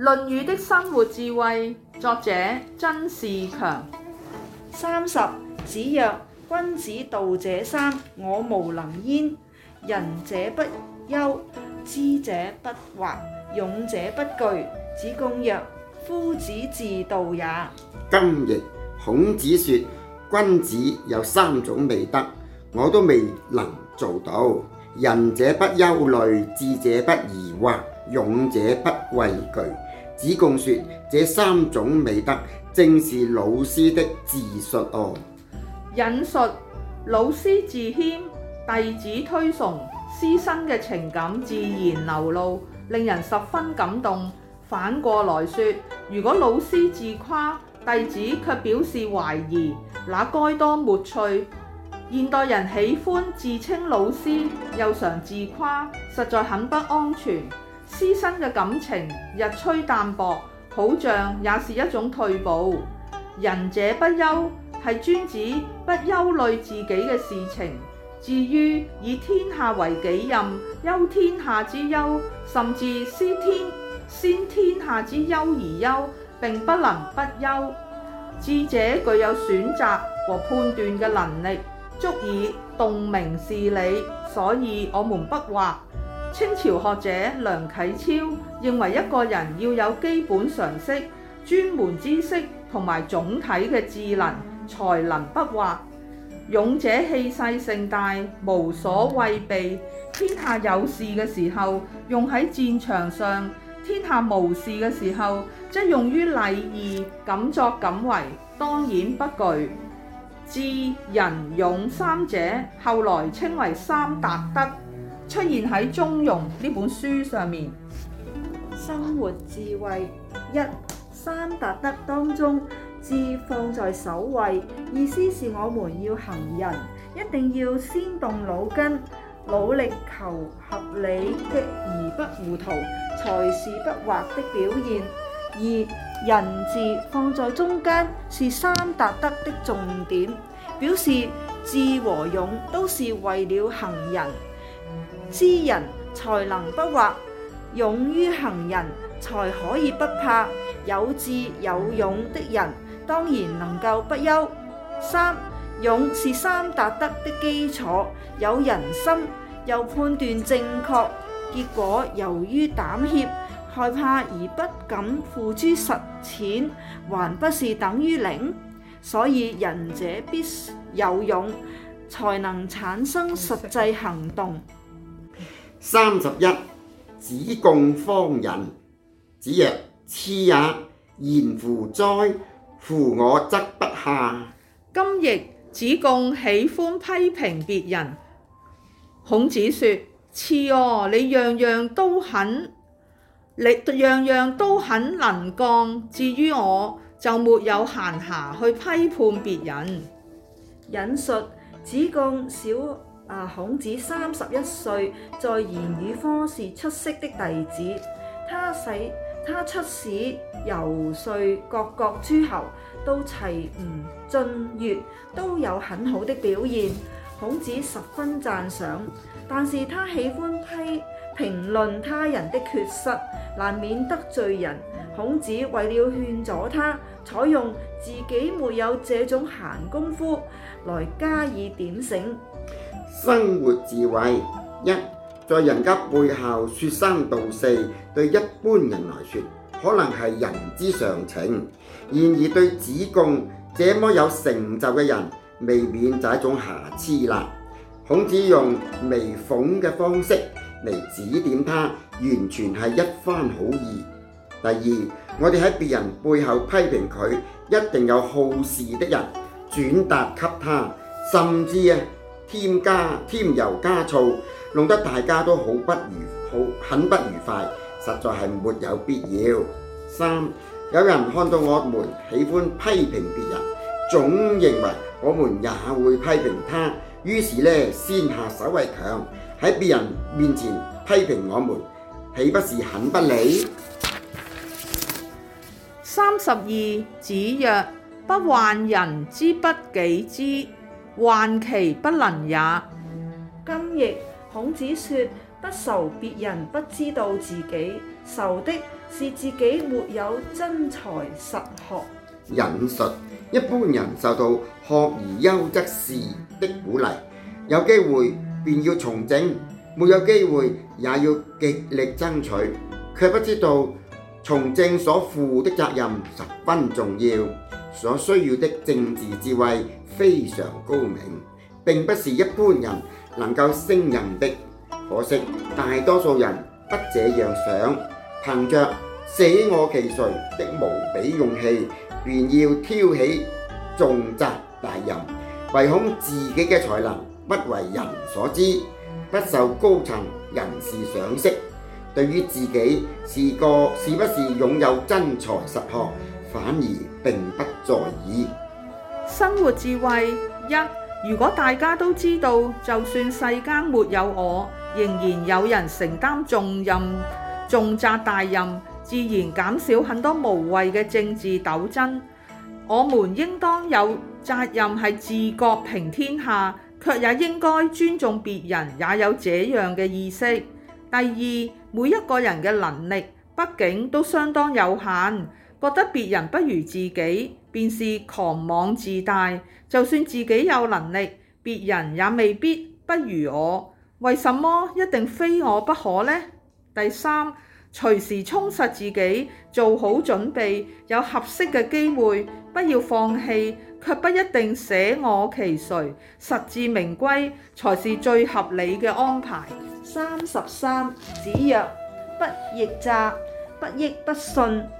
《論語》的生活智慧，作者曾仕強。三十，子曰：君子道者三，我無能焉。仁者不憂，知者不惑，勇者不懼。子貢曰：夫子自道也。今日孔子說，君子有三種美德，我都未能做到。仁者不憂慮，智者不疑惑，勇者不畏懼。子貢說，這三種美德正是老師的自述哦。引述老師自謙，弟子推崇，師生嘅情感自然流露，令人十分感動。反過來說，如果老師自誇，弟子卻表示懷疑，那該多沒趣。現代人喜歡自稱老師，又常自誇，實在很不安全。師生嘅感情日趨淡薄，好像也是一種退步。仁者不憂，係專指不憂慮自己嘅事情。至於以天下為己任，憂天下之憂，甚至思天先天下之憂而憂，並不能不憂。智者具有選擇和判斷嘅能力，足以洞明事理，所以我們不惑。清朝學者梁啟超認為，一個人要有基本常識、專門知識同埋總體嘅智能，才能不惑。勇者氣勢盛大，無所畏避，天下有事嘅時候用喺戰場上，天下無事嘅時候即用於禮儀，敢作敢為，當然不懼。智仁勇三者後來稱為三達德，出現喺《中庸》呢本書上面，生活智慧一三達德當中，智放在首位，意思是我們要行仁，一定要先動腦筋，努力求合理的而不糊塗，才是不惑的表現。二仁字放在中間是三達德的重點，表示智和勇都是為了行仁。知人才能不惑，勇於行人才可以不怕。有智有勇的人當然能夠不憂。三勇是三達德的基礎，有人心又判斷正確，結果由於膽怯害怕而不敢付諸實踐，還不是等於零？所以仁者必有勇，才能產生實際行動。三十一，子貢方人，子曰：賜也，賢乎哉？乎我則不暇。今」今亦子貢喜歡批評別人，孔子說：賜哦，你樣樣都很，你樣樣都很能幹，至於我就沒有閒暇去批判別人。引述子貢小。啊！孔子三十一歲，在言語科是出色的弟子。他使他出使游説各國諸侯，都齊吳、晉、越都有很好的表現。孔子十分讚賞，但是他喜歡批評論他人的缺失，難免得罪人。孔子為了勸阻他，採用自己沒有這種閒功夫來加以點醒。生活智慧一，在人家背後說三道四，對一般人來說可能係人之常情；然而對子貢這麼有成就嘅人，未免就係一種瑕疵啦。孔子用微諷嘅方式嚟，指點他，完全係一番好意。第二，我哋喺別人背後批評佢，一定有好事的人轉達給他，甚至啊～添加添油加醋，弄得大家都好不愉好，很不愉快，實在係沒有必要。三有人看到我們喜歡批評別人，總認為我們也會批評他，於是呢先下手為強，喺別人面前批評我們，豈不是很不利？三十二子曰：不患人之不己知。患其不能也。今譯孔子說：不愁別人不知道自己，愁的是自己沒有真才實學。引述一般人受到“學而優則仕”的鼓勵，有機會便要從政，沒有機會也要極力爭取，却不知道從政所負的責任十分重要，所需要的政治智慧。非常高明，並不是一般人能夠勝任的。可惜大多數人不這樣想，憑着捨我其誰的無比勇氣，便要挑起重責大任，唯恐自己嘅才能不為人所知，不受高層人士賞識，對於自己是個是不是擁有真才實學，反而並不在意。生活智慧一，如果大家都知道，就算世間沒有我，仍然有人承擔重任、重責大任，自然減少很多無謂嘅政治鬥爭。我們應當有責任係治國平天下，卻也應該尊重別人，也有這樣嘅意識。第二，每一個人嘅能力畢竟都相當有限，覺得別人不如自己。便是狂妄自大，就算自己有能力，別人也未必不如我。為什麼一定非我不可呢？第三，隨時充實自己，做好準備，有合適嘅機會，不要放棄，卻不一定捨我其誰。實至名歸才是最合理嘅安排。三十三，子曰：不逆詐，不億不信。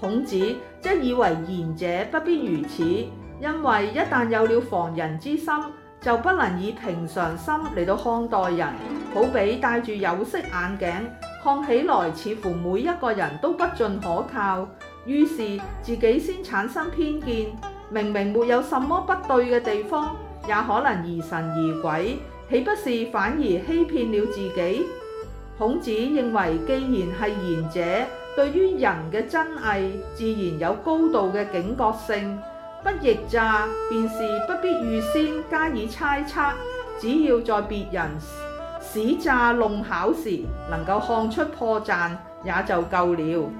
孔子則以為賢者不必如此，因為一旦有了防人之心，就不能以平常心嚟到看待人。好比戴住有色眼鏡，看起來似乎每一個人都不盡可靠，於是自己先產生偏見。明明沒有什麼不對嘅地方，也可能疑神疑鬼，豈不是反而欺騙了自己？孔子認為，既然係賢者，對於人嘅真偽，自然有高度嘅警覺性，不逆詐，便是不必預先加以猜測。只要在別人使詐弄巧時，能夠看出破綻，也就夠了。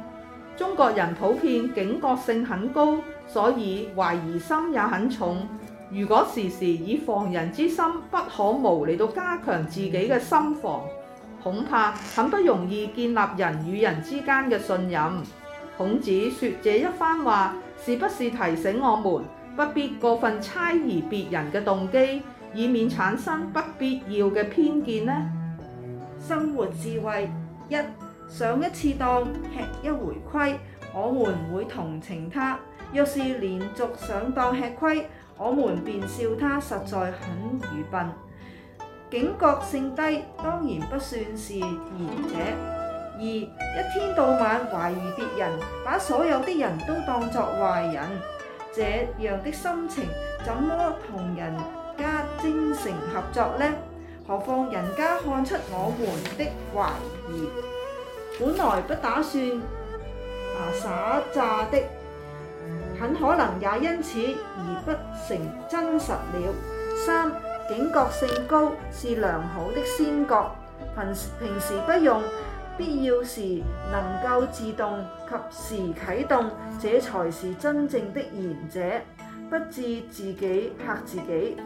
中國人普遍警覺性很高，所以懷疑心也很重。如果時時以防人之心不可無嚟到加強自己嘅心防。恐怕很不容易建立人與人之間嘅信任。孔子說這一番話，是不是提醒我們不必過分猜疑別人嘅動機，以免產生不必要嘅偏見呢？生活智慧。一、上一次當吃一回虧，我們會同情他；若是連續上當吃虧，我們便笑他實在很愚笨。警覺性低當然不算是賢者。二一天到晚懷疑別人，把所有的人都當作壞人，這樣的心情怎麼同人家精誠合作呢？何況人家看出我們的懷疑，本來不打算啊耍詐的、嗯，很可能也因此而不成真實了。三。警覺性高是良好的先覺，平平時不用，必要時能夠自動及時啟動，這才是真正的賢者，不至自己嚇自己。